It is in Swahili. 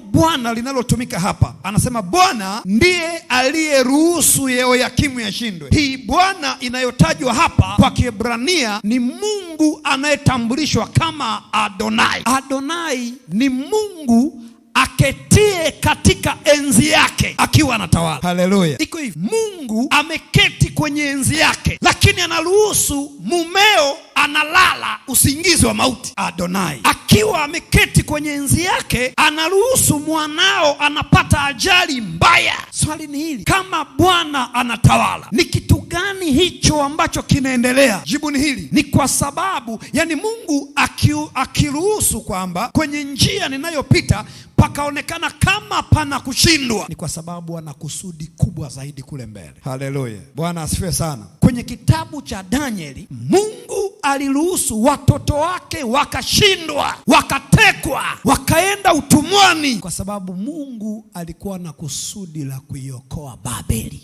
neno Bwana linalotumika hapa, anasema Bwana ndiye aliyeruhusu Yehoyakimu yashindwe. Hii Bwana inayotajwa hapa kwa Kiebrania ni Mungu anayetambulishwa kama Adonai. Adonai ni Mungu aketie katika enzi yake akiwa anatawala. Haleluya! Iko hivi, Mungu ameketi kwenye enzi yake, lakini anaruhusu mumeo analala usingizi wa mauti. Adonai akiwa ameketi kwenye enzi yake anaruhusu mwanao anapata ajali mbaya. Swali ni hili, kama Bwana anatawala, ni kitu gani hicho ambacho kinaendelea? Jibu ni hili, ni kwa sababu yani Mungu akiruhusu kwamba kwenye njia ninayopita pakaonekana kama pana kushindwa, ni kwa sababu ana kusudi kubwa zaidi kule mbele. Haleluya, Bwana asifiwe sana kwenye kitabu cha Danieli, Mungu aliruhusu watoto wake wakashindwa, wakatekwa, wakaenda utumwani, kwa sababu Mungu alikuwa na kusudi la kuiokoa Babeli.